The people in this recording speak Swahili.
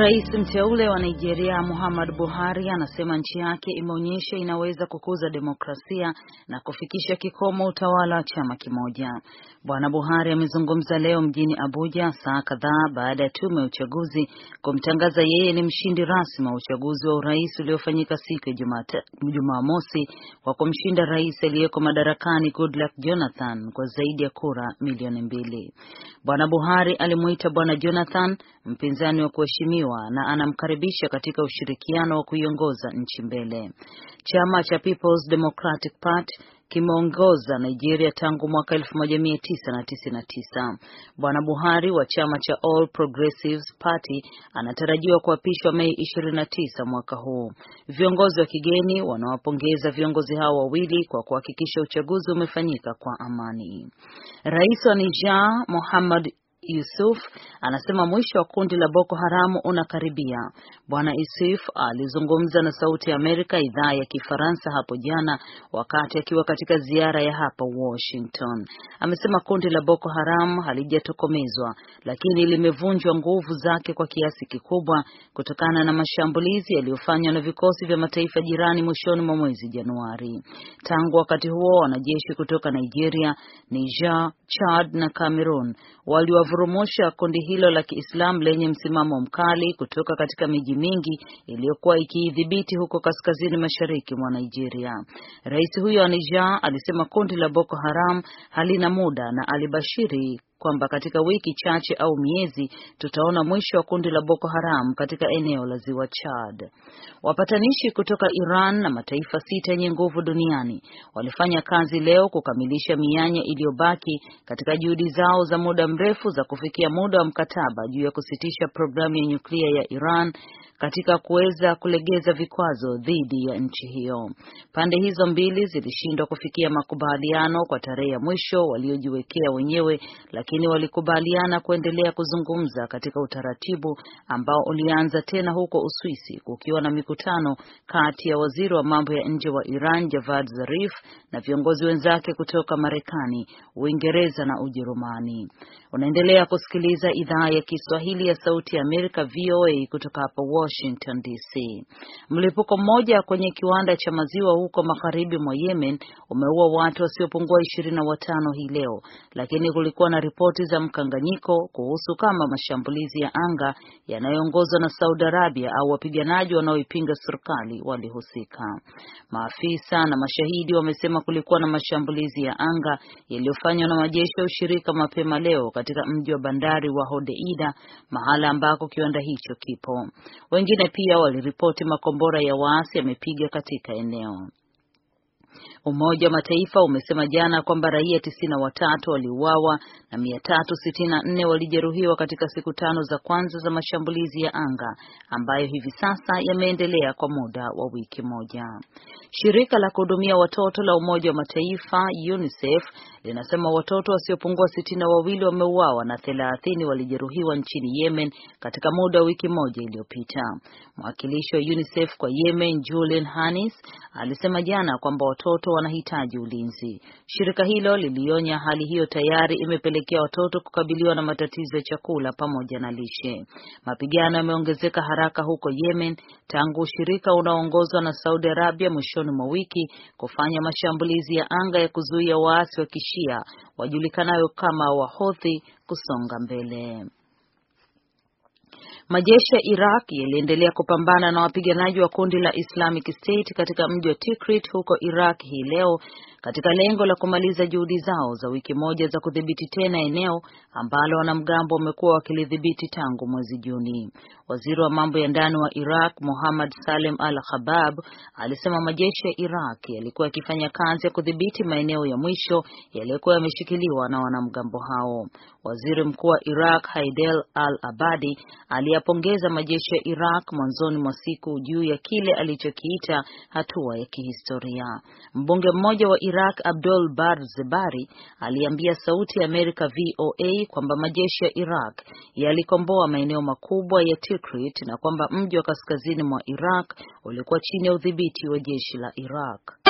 Rais mteule wa Nigeria Muhammad Buhari anasema nchi yake imeonyesha inaweza kukuza demokrasia na kufikisha kikomo utawala wa chama kimoja. Bwana Buhari amezungumza leo mjini Abuja saa kadhaa baada ya tume ya uchaguzi kumtangaza yeye ni mshindi rasmi wa uchaguzi wa urais uliofanyika siku ya Jumamosi kwa kumshinda rais aliyeko madarakani Goodluck Jonathan kwa zaidi ya kura milioni mbili. Bwana Buhari alimuita Bwana Jonathan mpinzani wa kuheshimiwa anaheshimiwa na anamkaribisha katika ushirikiano wa kuiongoza nchi mbele. Chama cha People's Democratic Party kimeongoza Nigeria tangu mwaka 1999. Bwana Buhari wa chama cha All Progressives Party anatarajiwa kuapishwa Mei 29 mwaka huu. Viongozi wa kigeni wanawapongeza viongozi hao wawili kwa kuhakikisha uchaguzi umefanyika kwa amani. Rais wa Niger Mohamed Yusuf anasema mwisho wa kundi la Boko Haramu unakaribia. Bwana Yusuf alizungumza na Sauti ya Amerika idhaa ya Kifaransa hapo jana wakati akiwa katika ziara ya hapa Washington. Amesema kundi la Boko Haramu halijatokomezwa, lakini limevunjwa nguvu zake kwa kiasi kikubwa kutokana na mashambulizi yaliyofanywa na vikosi vya mataifa jirani mwishoni mwa mwezi Januari. Tangu wakati huo wanajeshi kutoka Nigeria, Niger, Chad na Cameroon waliwa kuvurumusha kundi hilo la Kiislamu lenye msimamo mkali kutoka katika miji mingi iliyokuwa ikiidhibiti huko kaskazini mashariki mwa Nigeria. Rais huyo wa Niger alisema kundi la Boko Haram halina muda na alibashiri kwamba katika wiki chache au miezi tutaona mwisho wa kundi la Boko Haram katika eneo la Ziwa Chad. Wapatanishi kutoka Iran na mataifa sita yenye nguvu duniani walifanya kazi leo kukamilisha mianya iliyobaki katika juhudi zao za muda mrefu za kufikia muda wa mkataba juu ya kusitisha programu ya nyuklia ya Iran katika kuweza kulegeza vikwazo dhidi ya nchi hiyo. Pande hizo mbili zilishindwa kufikia makubaliano kwa tarehe ya mwisho waliojiwekea wenyewe, lakini lakini walikubaliana kuendelea kuzungumza katika utaratibu ambao ulianza tena huko Uswisi, kukiwa na mikutano kati ya waziri wa mambo ya nje wa Iran Javad Zarif na viongozi wenzake kutoka Marekani, Uingereza na Ujerumani. Unaendelea kusikiliza idhaa ya Kiswahili ya Sauti ya Amerika, VOA, kutoka hapa Washington DC. Mlipuko mmoja kwenye kiwanda cha maziwa huko magharibi mwa Yemen umeua watu wasiopungua ishirini na watano hii leo, lakini kulikuwa na ripoti za mkanganyiko kuhusu kama mashambulizi ya anga yanayoongozwa na Saudi Arabia au wapiganaji wanaoipinga serikali walihusika. Maafisa na mashahidi wamesema kulikuwa na mashambulizi ya anga yaliyofanywa na majeshi ya ushirika mapema leo katika mji wa bandari wa Hodeida, mahala ambako kiwanda hicho kipo. Wengine pia waliripoti makombora ya waasi yamepiga katika eneo. Umoja wa Mataifa umesema jana kwamba raia tisini na watatu waliuawa na mia tatu sitini na nne walijeruhiwa katika siku tano za kwanza za mashambulizi ya anga ambayo hivi sasa yameendelea kwa muda wa wiki moja. Shirika la kuhudumia watoto la Umoja wa Mataifa UNICEF linasema watoto wasiopungua sitini na wawili wameuawa na thelathini walijeruhiwa nchini Yemen katika muda wa wiki moja iliyopita. Mwakilishi wa UNICEF kwa Yemen, Julian Hannis, alisema jana kwamba watoto wanahitaji ulinzi. Shirika hilo lilionya hali hiyo tayari imepelekea watoto kukabiliwa na matatizo ya chakula pamoja na lishe. Mapigano yameongezeka haraka huko Yemen tangu ushirika unaoongozwa na Saudi Arabia mwishoni mwa wiki kufanya mashambulizi ya anga ya kuzuia waasi wa Kishia wajulikanayo kama Wahodhi kusonga mbele. Majeshi ya Iraq yaliendelea kupambana na wapiganaji wa kundi la Islamic State katika mji wa Tikrit huko Iraq hii leo katika lengo la kumaliza juhudi zao za wiki moja za kudhibiti tena eneo ambalo wanamgambo wamekuwa wakilidhibiti tangu mwezi Juni. Waziri wa mambo ya ndani wa Iraq Mohammad Salem Al-Khabab alisema majeshi ya Iraq yalikuwa yakifanya kazi ya kudhibiti maeneo ya mwisho yaliyokuwa yameshikiliwa na wanamgambo hao. Waziri mkuu wa Iraq Haidel Al-Abadi aliyapongeza majeshi ya Iraq mwanzoni mwa siku juu ya kile alichokiita hatua ya kihistoria. Mbunge mmoja wa Iraq Abdul Bar Zebari aliambia Sauti ya Amerika VOA kwamba majeshi ya Iraq yalikomboa maeneo makubwa ya Tikrit na kwamba mji wa kaskazini mwa Iraq ulikuwa chini ya udhibiti wa jeshi la Iraq.